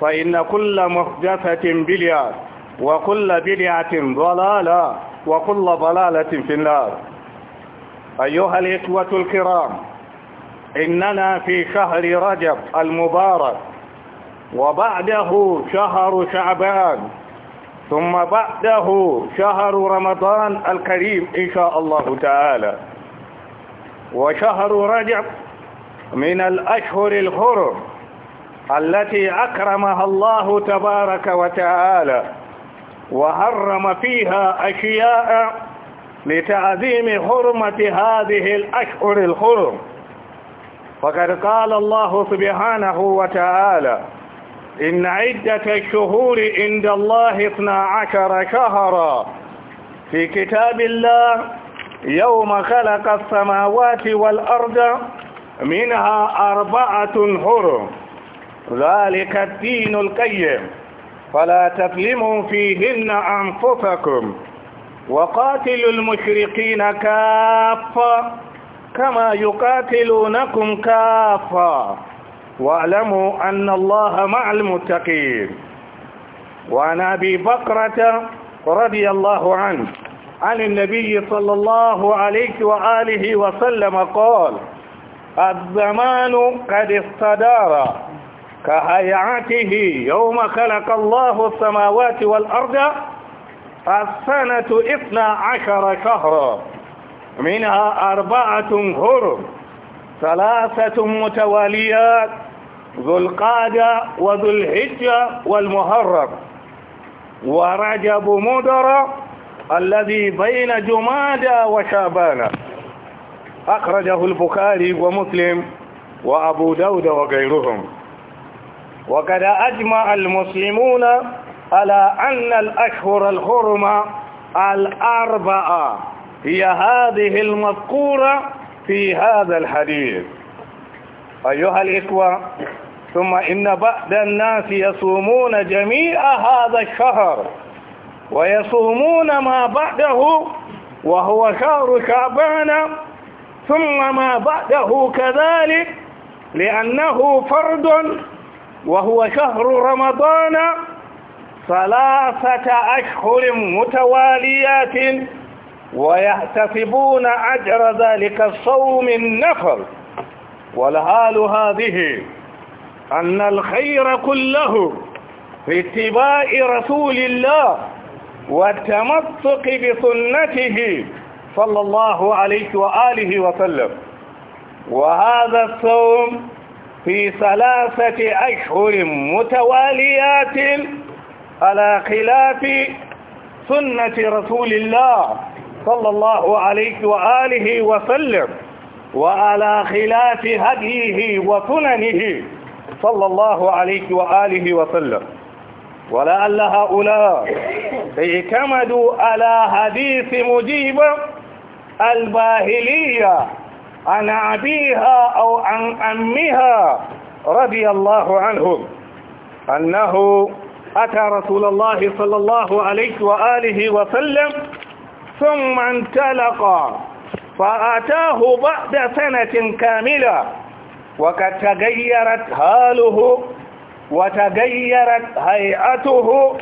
فإن كل محدثة بدعة وكل بدعة ضلالة وكل ضلالة في النار أيها الإخوة الكرام إننا في شهر رجب المبارك وبعده شهر شعبان ثم بعده شهر رمضان الكريم إن شاء الله تعالى وشهر رجب من الأشهر الحرم التي أكرمها الله تبارك وتعالى وحرم فيها أشياء لتعظيم حرمة هذه الأشهر الحرم فقد قال الله سبحانه وتعالى إن عدة الشهور عند الله اثنا عشر شهرا في كتاب الله يوم خلق السماوات والأرض منها أربعة حرم ذلك الدين القيم فلا تظلموا فيهن أنفسكم وقاتلوا المشركين كافة كما يقاتلونكم كافة واعلموا أن الله مع المتقين وعن أبي بكرة رضي الله عنه عن النبي صلى الله عليه وآله وسلم قال الزمان قد استدار كهيعته يوم خلق الله السماوات والأرض السنة إثنى عشر شهرا منها أربعة هرم ثلاثة متواليات ذو القادة وذو الهجة والمهرم ورجب مدر الذي بين جمادى وشابانا أخرجه البخاري ومسلم وأبو داود وغيرهم وقد أجمع المسلمون على أن الأشهر الحرمة الأربعة هي هذه المذكورة في هذا الحديث أيها الإخوة ثم إن بعض الناس يصومون جميع هذا الشهر ويصومون ما بعده وهو شهر شعبان ثم ما بعده كذلك لأنه فرد وهو شهر رمضان ثلاثة أشهر متواليات ويحتسبون أجر ذلك الصوم النفر والحال هذه أن الخير كله في اتباع رسول الله والتمسك بسنته صلى الله عليه وآله وسلم وهذا الصوم في ثلاثة أشهر متواليات على خلاف سنة رسول الله صلى الله عليه وآله وسلم وعلى خلاف هديه وسننه صلى الله عليه وآله وسلم ولعل هؤلاء اعتمدوا على حديث مجيب الباهلية عن أبيها أو عن أمها رضي الله عنهم أنه أتى رسول الله صلى الله عليه وآله وسلم ثم انطلق فأتاه بعد سنة كاملة وقد تغيرت حاله وتغيرت هيئته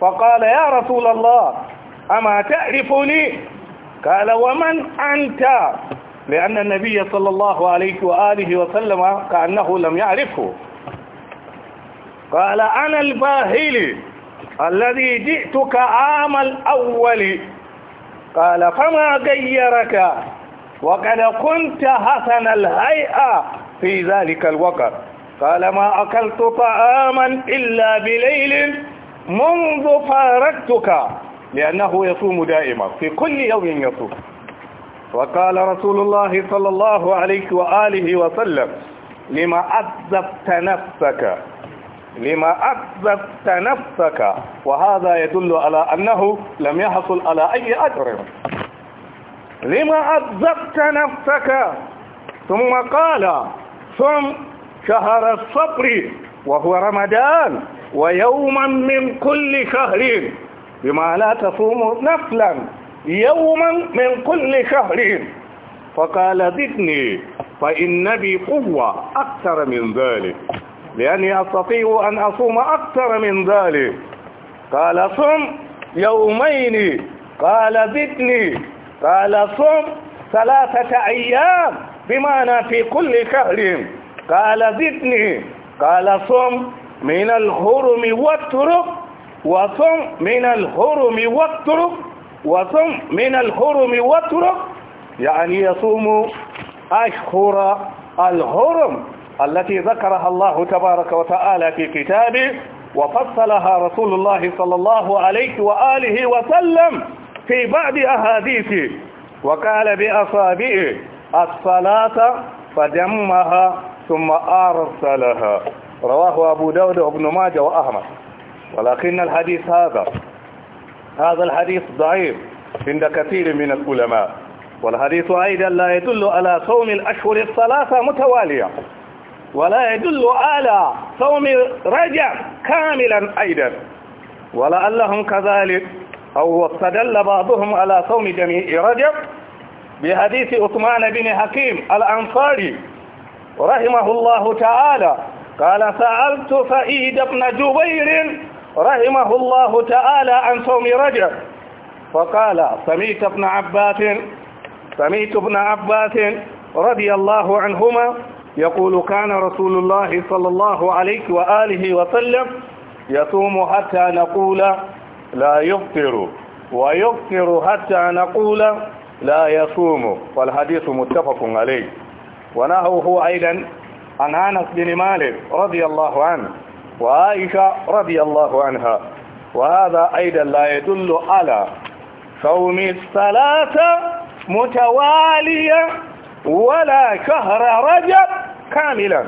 فقال يا رسول الله أما تعرفني قال ومن أنت لأن النبي صلى الله عليه وآله وسلم كأنه لم يعرفه قال أنا الباهلي الذي جئتك عام الأول قال فما غيرك وقد كنت حسن الهيئة في ذلك الوقت قال ما أكلت طعاما إلا بليل منذ فارقتك لأنه يصوم دائما في كل يوم يصوم وقال رسول الله صلى الله عليه وآله وسلم لما أذبت نفسك لما أذبت نفسك وهذا يدل على أنه لم يحصل على أي أجر لما أذبت نفسك ثم قال ثم شهر الصبر وهو رمضان ويوما من كل شهر بما لا تصوم نفلا يوما من كل شهر فقال زدني فإن بي قوة أكثر من ذلك لأني أستطيع أن أصوم أكثر من ذلك قال صم يومين قال زدني قال صم ثلاثة أيام بمعنى في كل شهر قال زدني قال صم من الهرم والترك وصم من الهرم والترك وصم من الحرم واترك يعني يصوم أشهر الحرم التي ذكرها الله تبارك وتعالى في كتابه وفصلها رسول الله صلى الله عليه وآله وسلم في بعض أحاديثه وقال بأصابعه الصلاة فدمها ثم أرسلها رواه أبو داود وابن ماجه وأحمد ولكن الحديث هذا هذا الحديث ضعيف عند كثير من العلماء والحديث أيضا لا يدل على صوم الأشهر الثلاثة متوالية ولا يدل على صوم رجع كاملا أيضا ولعلهم كذلك أو استدل بعضهم على صوم جميع رجب بحديث عثمان بن حكيم الأنصاري رحمه الله تعالى قال سألت سعيد بن جبير رحمه الله تعالى عن صوم رجب فقال سميت ابن عباس سميت ابن عباس رضي الله عنهما يقول كان رسول الله صلى الله عليه وآله وسلم يصوم حتى نقول لا يفطر ويفطر حتى نقول لا يصوم والحديث متفق عليه ونهوه أيضا عن أنس بن مالك رضي الله عنه وعائشة رضي الله عنها وهذا أيضا لا يدل على صوم الصلاة متواليا ولا شهر رجب كاملا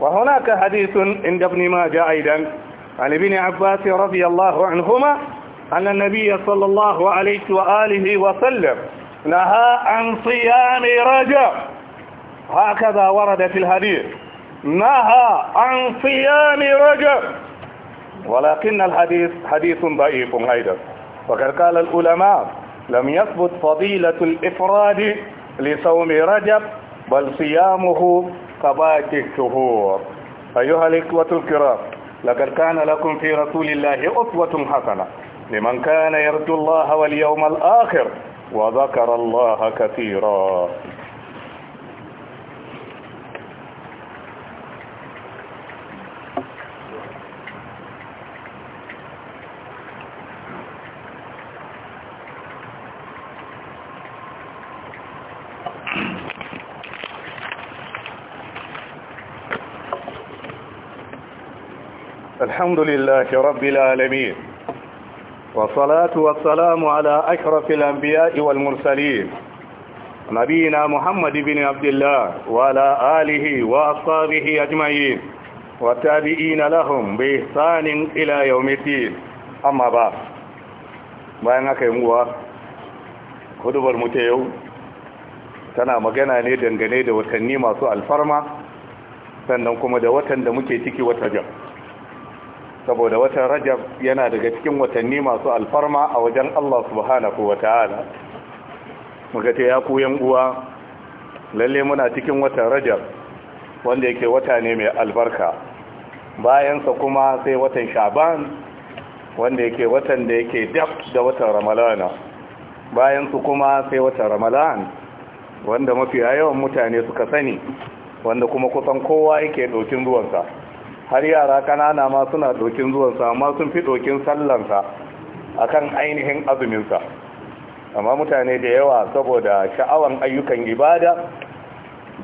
وهناك حديث عند ابن ماجه أيضا عن ابن عباس رضي الله عنهما أن النبي صلى الله عليه وآله وسلم نهى عن صيام رجب هكذا ورد في الحديث نهى عن صيام رجب ولكن الحديث حديث ضعيف أيضا وقد قال العلماء لم يثبت فضيلة الإفراد لصوم رجب بل صيامه كباقي الشهور أيها الإخوة الكرام لقد كان لكم في رسول الله أسوة حسنة لمن كان يرجو الله واليوم الآخر وذكر الله كثيرا الحمد لله رب العالمين والصلاة والسلام على أشرف الأنبياء والمرسلين نبينا محمد بن عبد الله وعلى آله وأصحابه أجمعين والتابعين لهم بإحسان إلى يوم الدين أما بعد bayan haka yin uwa hudubar mu ta yau tana magana ne dangane da watanni masu alfarma sannan kuma da watan da muke ciki wata jam saboda watan rajab yana daga cikin watanni masu alfarma a wajen Allah subhanahu wa ta'ala muka ce ya ku yan uwa lalle muna cikin watan rajab wanda yake wata ne mai albarka bayansa kuma sai watan shaban wanda yake watan da yake dab da watan ramalana bayansu kuma sai watan ramalan wanda mafi yawan mutane suka sani wanda kuma kusan kowa yake ɗaukin ruwansa har yara kanana ma suna dokin zuwansa amma sun fi dokin sallansa akan ainihin azuminsa amma mutane da yawa saboda sha'awan ayyukan ibada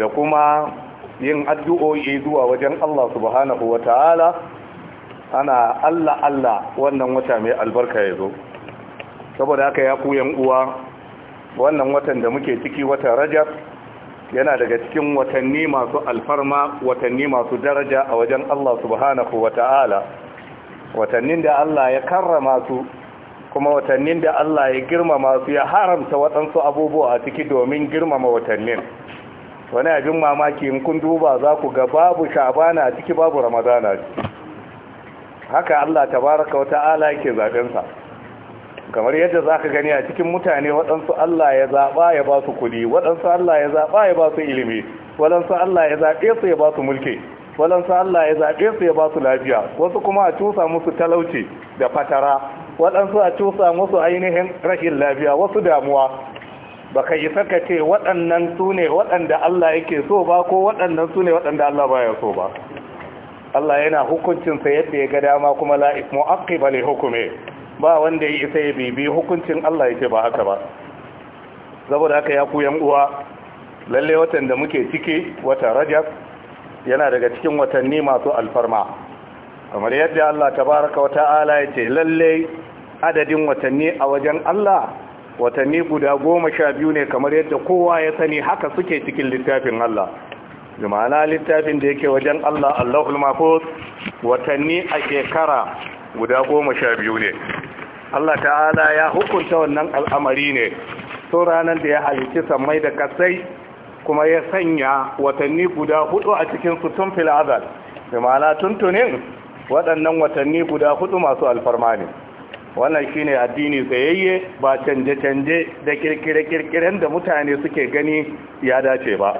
da kuma yin addu'o'i zuwa wajen Allah subhanahu wa ta'ala ana Allah Allah wannan wata mai albarka ya zo saboda haka ya ku yan uwa wannan watan da muke ciki wata rajab yana daga cikin watanni masu alfarma watanni masu daraja a wajen Allah subhanahu wata'ala watannin da Allah ya karrama su kuma watannin da Allah ya girmama su ya haramta waɗansu abubuwa a ciki domin girmama watannin wani abin mamaki in kun duba za ku ga babu shabana a ciki babu ramadana haka Allah tabaraka wata'ala yake zaɓensa kamar yadda za ka gani a cikin mutane waɗansu Allah ya zaɓa ya ba su kuɗi waɗansu Allah ya zaɓa ya ba su ilimi waɗansu Allah ya zaɓe su ya ba su mulki waɗansu Allah ya zaɓe su ya ba su lafiya wasu kuma a cusa musu talauci da fatara waɗansu a cusa musu ainihin rashin lafiya wasu damuwa ba ka isa ka ce waɗannan su ne waɗanda Allah yake so ba ko waɗannan su ne waɗanda Allah baya so ba Allah yana hukuncinsa yadda ya ga dama kuma la ismu aqiba li hukmi ba wanda ya isa ya bibi hukuncin Allah yake ba haka ba saboda haka ya ku yan uwa lalle watan da muke ciki wata Rajab yana daga cikin watanni masu alfarma kamar yadda Allah tabaraka wa ta'ala ya ce lalle adadin watanni a wajen Allah watanni guda goma sha biyu ne kamar yadda kowa ya sani haka suke cikin littafin Allah jumana littafin da yake wajen Allah Allahul Mahfuz watanni a shekara guda goma sha biyu ne Allah ta'ala ya hukunta wannan al'amari ne to ranar da ya halici samai da kasai kuma ya sanya watanni guda hudu a cikin su tun fil azal bi tuntunin waɗannan watanni guda hudu masu alfarma ne wannan shine addini tsayayye ba canje-canje da kirkire-kirkiren da mutane suke gani ya dace ba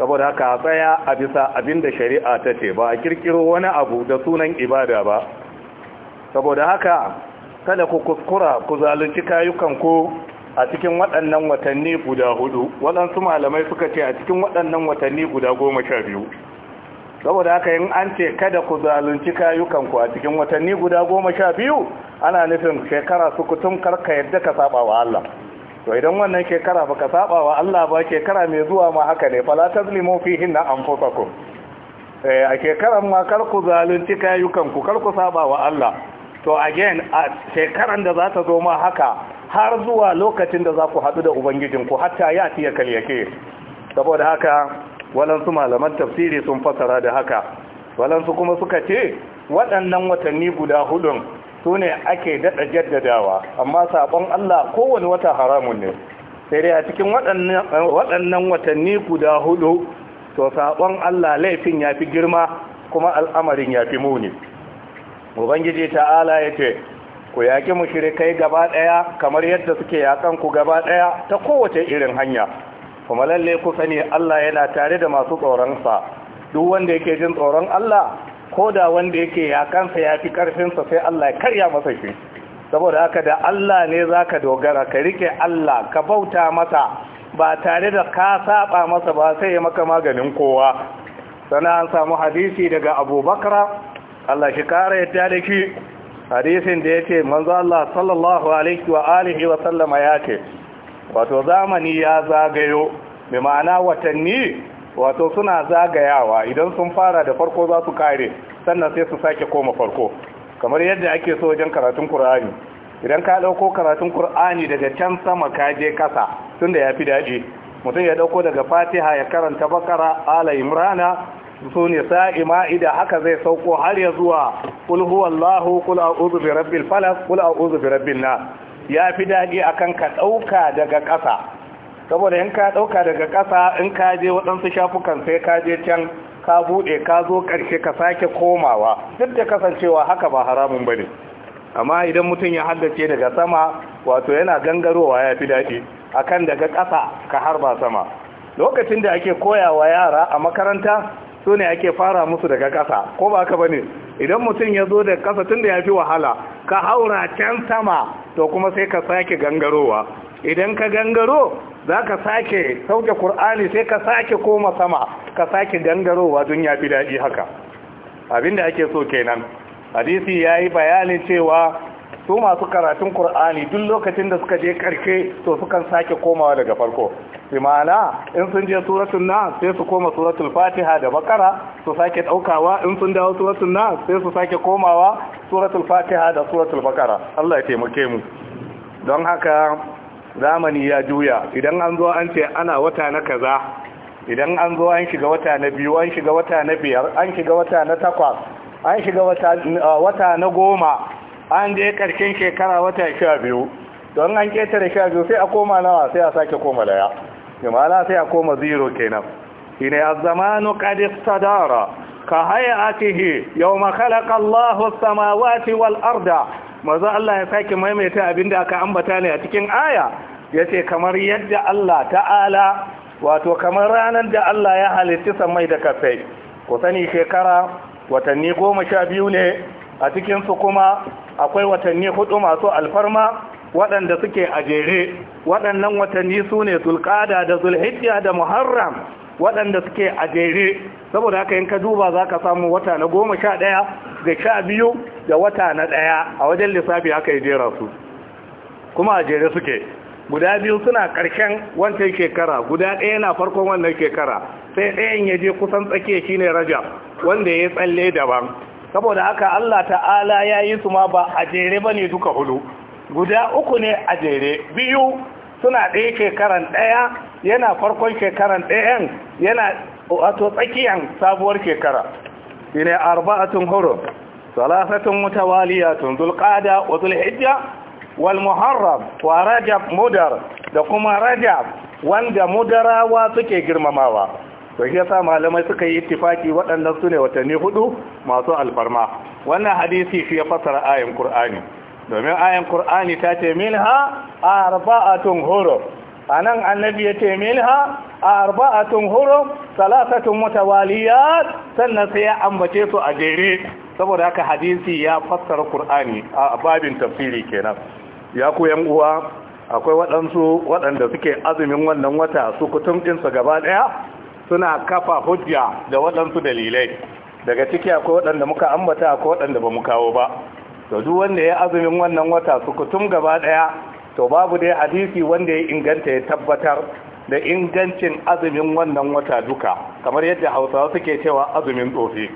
saboda haka a tsaya a bisa abin da shari'a ta ce ba a kirkiro wani abu da sunan ibada ba saboda haka kada ku kuskura ku zalunci kayukanku a cikin waɗannan watanni guda hudu waɗansu malamai suka ce a cikin waɗannan watanni guda goma sha biyu saboda haka yin an ce kada ku zalunci kayukanku a cikin watanni guda goma sha biyu ana nufin shekara su kutum karka yadda ka saba wa Allah to idan wannan shekara baka saba wa Allah ba shekara mai zuwa ma haka ne fala tazlimu fihin na anfusakum eh a shekaran ma kar ku zalunci kayukanku kar ku saba wa Allah to again a shekaran da za ta zo ma haka har zuwa lokacin da za ku haɗu da ubangijinku hatta ya tiya kalyake saboda haka walansu malaman tafsiri sun fasara da haka walansu kuma suka ce waɗannan watanni guda hudun su ne ake daɗa jaddadawa amma sabon Allah kowane wata haramun ne sai dai a cikin waɗannan watanni guda hudu to saɓon Allah laifin ya fi girma kuma al'amarin ya fi muni ubangiji ta'ala ya ce ku yaƙi mu kai gaba ɗaya kamar yadda suke yaƙan ku gaba ɗaya ta kowace irin hanya kuma lalle ku sani Allah yana tare da masu tsoronsa duk wanda yake jin tsoron Allah ko da wanda yake yaƙansa ya fi ƙarfinsa sai Allah ya karya masa shi saboda haka da Allah ne za ka dogara ka riƙe Allah ka bauta masa ba tare da ka saba masa ba sai ya maka maganin kowa sana an samu hadisi daga abubakar Allah shi kara yadda da ki hadisin da ce manzo Allah sallallahu alaihi wa alihi wa sallama ya ce wato zamani ya zagayo bi ma'ana watanni wato suna zagayawa idan sun fara da farko za su kare sannan sai su sake koma farko kamar yadda ake so wajen karatun Kur'ani, idan ka ɗauko karatun Kur'ani daga can sama ka je kasa tunda yafi daji mutum ya ɗauko daga Fatiha ya karanta Bakara Ala Imrana su ima idan haka zai sauko har ya zuwa ƙulhu wallahu ƙul a bi rabbi falas ƙul a bi rabbin na. ya fi a akan ka ɗauka daga ƙasa saboda in ka ɗauka daga ƙasa in ka je waɗansu shafukan sai ka je can ka buɗe ka zo ƙarshe ka sake komawa duk da kasancewa haka ba haramun ba ne. amma idan mutum ya haddace daga sama wato yana gangarowa ya fi daɗi akan daga ƙasa ka harba sama lokacin da ake koyawa yara a makaranta su ne ake fara musu daga ƙasa ko ba ka bane idan mutum ya zo da ƙasa tun da ya fi wahala ka haura can sama to kuma sai ka sake gangarowa idan ka gangaro za ka sake sauke ƙur'ani sai ka sake koma sama ka sake gangarowa don ya fi daɗi haka abinda ake so kenan hadisi ya yi bayanin cewa su masu karatun Kur'ani duk lokacin da suka je karke to sukan sake komawa daga farko Imana in sun je suratul nas sai su koma suratul fatiha da bakara su sake daukawa in sun dawo suratul nas sai su sake komawa suratul fatiha da suratul bakara Allah ya taimake mu don haka zamani ya juya idan an zo an ce ana wata na kaza idan an zo an shiga wata na biyu an shiga wata na biyar an shiga wata na takwas an shiga wata uh, na goma an je karshen shekara wata sha biyu don an ketare sha biyu sai a koma nawa sai a sake koma daya jimala sai a koma zero kenan Ina az-zamanu qad istadara ka hayatihi yawma khalaqa Allahu as-samawati wal arda maza Allah ya sake maimaita abinda aka ambata ne a cikin aya Ya ce kamar yadda Allah ta'ala wato kamar ranar da Allah ya halitta samai da kasai ku sani shekara watanni goma sha biyu ne a cikinsu kuma akwai watanni hudu masu alfarma waɗanda suke a jere waɗannan watanni su ne zulƙada da zulhijja da muharram waɗanda suke a jere saboda haka yin ka duba za ka samu wata na goma sha ɗaya da sha biyu da wata na ɗaya a wajen lissafi haka yi jera su kuma a jere suke guda biyu suna ƙarshen wancan shekara guda ɗaya na farkon wannan shekara sai ɗayan ya je kusan tsakiya shine rajab wanda ya tsalle daban saboda haka Allah ta'ala ya yi su ma ba a jere ba ne duka hudu guda uku ne a jere biyu suna ɗaya shekaran ɗaya yana farkon shekaran ɗayan yana wato tsakiyan sabuwar shekara shi ne arba'atun huru salasatun mutawaliyatun zulƙada wa zulhijja wal muharram wa rajab mudar da kuma rajab wanda mudarawa suke girmamawa to shi malamai suka yi ittifaki waɗannan su ne watanni hudu masu alfarma wannan hadisi shi ya fasara ayan qur'ani domin ayan qur'ani ta ce minha arba'atun hurum anan annabi ya ce minha arba'atun hurum salasatun mutawaliyat sannan sai ya ambace su a jere saboda haka hadisi ya fassara qur'ani a babin tafsiri kenan ya ku yan uwa akwai waɗansu waɗanda suke azumin wannan wata su kutum ɗinsu gaba ɗaya suna kafa hujja da waɗansu dalilai daga ciki akwai waɗanda muka ambata akwai waɗanda ba mu kawo ba to duk wanda ya azumin wannan wata su kutum gaba ɗaya to babu dai hadisi wanda ya inganta ya tabbatar da ingancin azumin wannan wata duka kamar yadda hausawa suke cewa azumin tsofi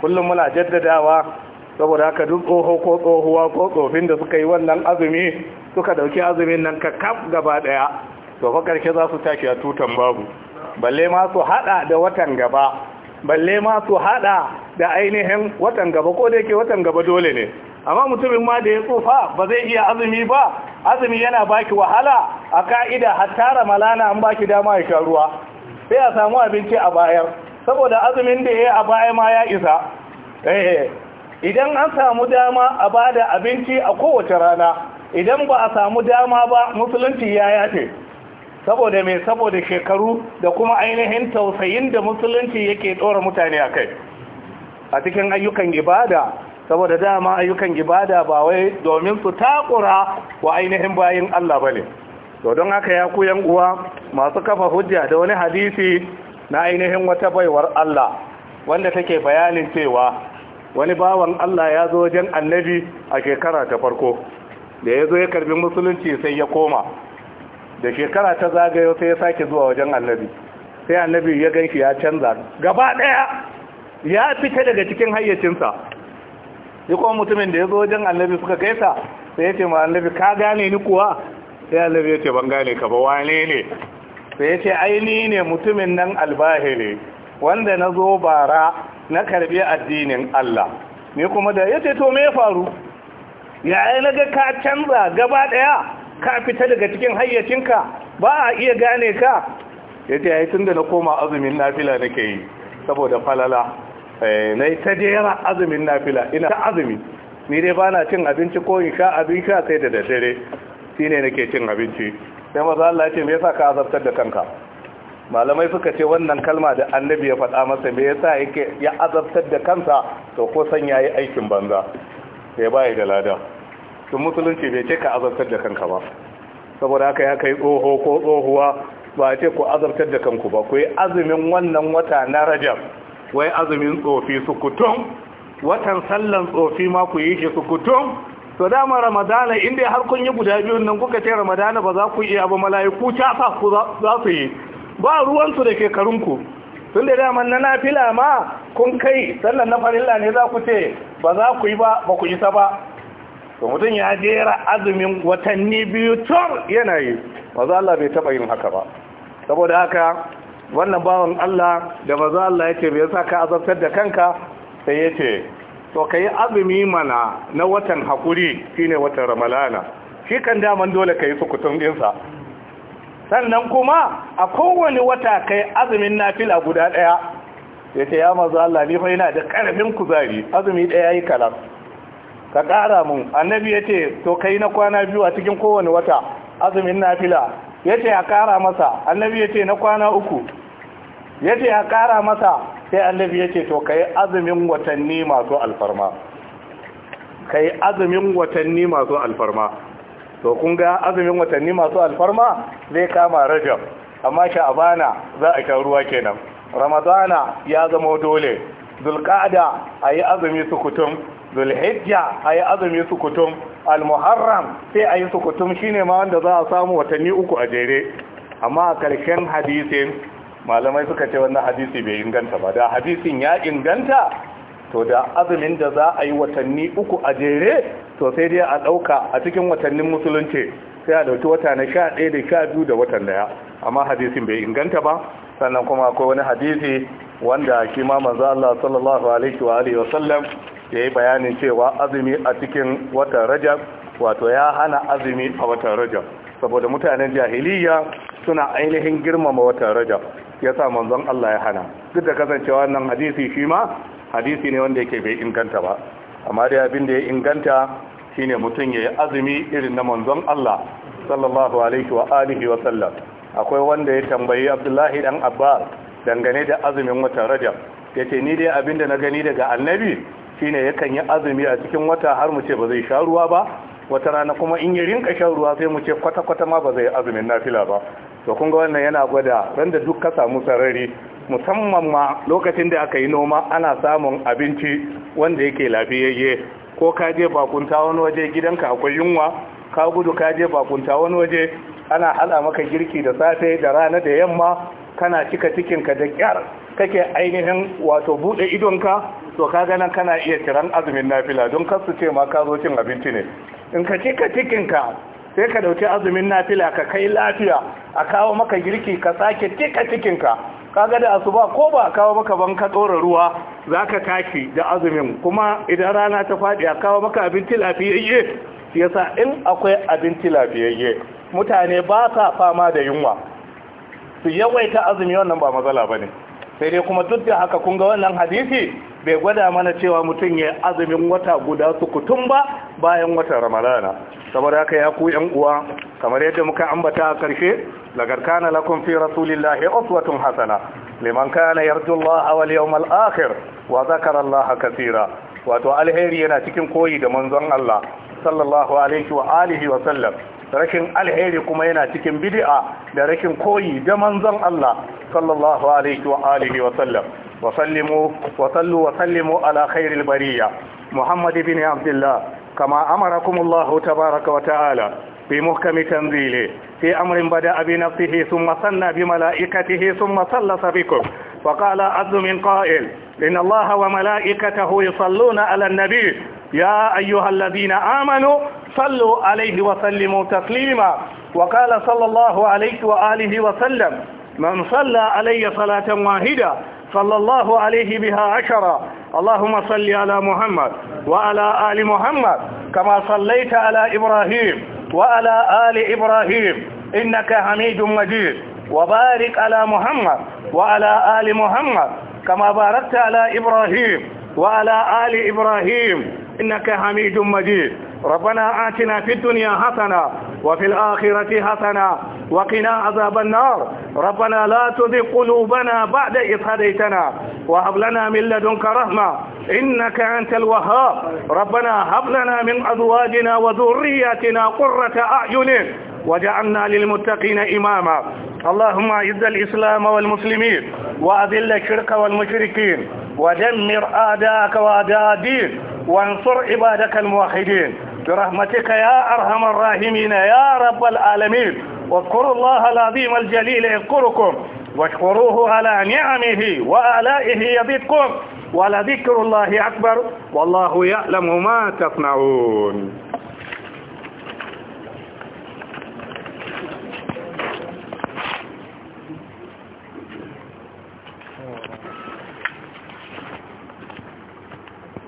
kullum muna jaddadawa saboda haka duk tsoho ko tsohuwa ko tsofin da suka yi wannan azumi suka dauki azumin nan ka kaf gaba ɗaya to fa karshe za su tashi a tutan babu balle ma su hada da watan gaba balle ma su hada da ainihin watan gaba ko da yake watan gaba dole ne amma mutumin ma da ya tsufa ba zai iya azumi ba azumi yana baki wahala a ka'ida hatta ramalana an baki dama ya ruwa sai a samu abinci a bayar saboda azumin da ya a baya ma ya isa eh idan an samu dama a bada abinci a kowace rana idan ba a samu dama ba musulunci ya yace saboda mai saboda shekaru da kuma ainihin tausayin da musulunci yake ɗora mutane a kai a cikin ayyukan ibada saboda dama ayyukan ibada ba wai domin su takura wa ainihin bayin Allah ba ne to don haka ya ku uwa masu kafa hujja da wani hadisi na ainihin wata baiwar Allah wanda take bayanin cewa wani bawan Allah ya zo wajen annabi a shekara ta farko da ya zo ya karbi musulunci sai ya koma da shekara ta zagayo sai ya sake zuwa wajen annabi sai annabi ya ganshi ya canza gaba daya ya fita daga cikin hayyacinsa ya kuma mutumin da ya zo wajen annabi suka gaisa sai ya ce ma annabi ka gane ni kuwa sai annabi ya ce ban gane ka ba wane ne sai ya ce aini ne mutumin nan albahiri wanda na zo bara na karbi addinin Allah ne kuma da ya ce to me ya faru ya na ga ka canza gaba daya ka fita daga cikin hayyacinka ba a iya gane ka ya ce yi tun da na koma azumin nafila ke yi saboda falala eh, na yi ta jera azumin nafila ina ta azumi ni dai ba na cin abinci ko in sha abin sha sai da daddare shi ne na ke cin abinci sai maza Allah ce me yasa ka azabtar da kanka malamai suka ce wannan kalma da annabi ya faɗa masa me yasa yake ya azabtar da kansa to ko san yayi aikin banza sai ba bai da lada tun musulunci bai ce ka azartar da kanka ba saboda haka ya kai tsoho ko tsohuwa ba ce ku azartar da kanku ba ku yi azumin wannan wata na rajab wai azumin tsofi su kutum watan sallan tsofi ma ku yi shi su kutum to dama ramadana inda har kun yi guda biyun nan kuka ce ramadana ba za ku iya abu mala'iku ta sa ku za su yi ba ruwansu da shekarunku tun da dama na nafila ma kun kai sannan na farilla ne za ku ce ba za ku yi ba ba ku isa ba to mutum ya jera azumin watanni biyu tur yana yi maza Allah bai taba yin haka ba saboda haka wannan bawan Allah da maza Allah yake bai sa ka azabtar da kanka sai ce to kai azumi mana na watan hakuri shine watan ramalana shi kan daman dole ka kai sukutun ɗinsa sannan kuma a kowane wata kai azumin nafila guda daya yace ya maza Allah ni fa ina da karamin kuzari azumi daya yi kalam ka ƙara mun annabi ya ce to kai na kwana biyu a cikin kowane wata azumin nafila ya ce a ƙara masa annabi ya ce na kwana uku ya ce a ƙara masa sai annabi ya ce to kai azumin watanni masu alfarma kai azumin watanni masu alfarma to kun ga azumin watanni masu alfarma zai kama rajab amma sha'abana za a kyan ruwa kenan ramadana ya zama dole a yi azumi sukutum zulhijja yi azumi sukutum almuharram sai a yi sukutum ne ma wanda za a samu watanni uku a jere amma a ƙarshen hadisin malamai suka ce wannan hadisi bai inganta ba da hadisin ya inganta to da azumin da za a yi watanni uku a jere to sai dai a ɗauka a cikin watannin musulunci sai a ɗauki wata na sha ɗaya da sha biyu da watan daya amma hadisin bai inganta ba sannan kuma akwai wani hadisi wanda shi ma manzo Allah sallallahu alaihi wa alihi wa sallam yayi bayanin cewa azumi a cikin watan Rajab wato ya hana azumi a watan Rajab saboda mutanen jahiliya suna ainihin girmama watan Rajab yasa manzon Allah ya hana duk da kasancewa wannan hadisi shi ma hadisi ne wanda yake bai inganta ba amma dai abin da ya inganta shine mutum yayi azumi irin na manzon Allah sallallahu alaihi wa alihi wa sallam akwai wanda ya tambayi Abdullahi dan Abbas dangane da azumin watan rajab ya ce ni dai abin da na gani daga annabi shine yakan yi azumi a cikin wata har mu ce ba zai sha ruwa ba wata rana kuma in yi rinka shan ruwa sai mu ce kwata-kwata ma ba zai azumin nafila ba to kun ga wannan yana gwada randa duk ka samu sarari musamman ma lokacin da aka yi noma ana samun abinci wanda yake lafiyayye ko ka je bakunta wani waje gidanka akwai yunwa ka gudu ka je bakunta wani waje ana hala maka girki da safe da rana da yamma kana cika cikinka da kyar kake ainihin wato bude idonka to kaga nan kana iya kiran azumin nafila don kasu ce ma ka zo cin abinci ne in ka cika cikinka sai ka dauki azumin nafila ka kai lafiya a kawo maka girki ka sake cika cikinka ga da asuba ko ba kawo maka ban ka dora ruwa zaka kaki da azumin kuma idan rana ta faɗi a kawo maka abinci lafiyayye yasa in akwai abinci lafiyayye mutane ba sa fama da yunwa su yawaita azumi wannan ba matsala ba ne sai dai kuma duk da haka kun ga wannan hadisi bai gwada mana cewa mutum ya azumin wata guda sukutun ba bayan watan ramadana saboda haka ya ku yan uwa kamar yadda muka ambata a karshe lagarkana kana lakum fi rasulillahi uswatun hasana liman kana yarju Allah wal yawmal akhir wa zakara Allah kaseera wato alheri yana cikin koyi da manzon Allah sallallahu alaihi wa alihi wa sallam rashin alheri kuma yana cikin bid'a da rashin koyi da manzon Allah sallallahu alaihi wa alihi wa sallam wa sallimu wa sallu wa sallimu ala khairil bariya Muhammad ibn Abdullah kama amarakum Allah tabaaraka wa ta'ala fi muhkami tanzili fi amrin bada'a bi nafsihi thumma sanna bi malaikatihi thumma sallasa bikum وقال عز من قائل إن الله وملائكته يصلون على النبي يا أيها الذين آمنوا صلوا عليه وسلموا تسليما وقال صلى الله عليه وآله وسلم من صلى علي صلاة واحدة صلى الله عليه بها عشرة اللهم صل على محمد وعلى آل محمد كما صليت على إبراهيم وعلى آل إبراهيم إنك حميد مجيد وبارك على محمد وعلى آل محمد كما باركت على إبراهيم وعلى آل إبراهيم إنك حميد مجيد ربنا آتنا في الدنيا حسنة وفي الآخرة حسنة وقنا عذاب النار ربنا لا تذق قلوبنا بعد إذ هديتنا وهب لنا من لدنك رحمة إنك أنت الوهاب ربنا هب لنا من أزواجنا وذرياتنا قرة أعين وجعلنا للمتقين إماما اللهم أعز الإسلام والمسلمين وأذل الشرك والمشركين ودمر أعداءك وأعداء الدين وانصر عبادك الموحدين برحمتك يا أرحم الراحمين يا رب العالمين واذكروا الله العظيم الجليل يذكركم واشكروه على نعمه وآلائه يزدكم ولذكر الله أكبر والله يعلم ما تصنعون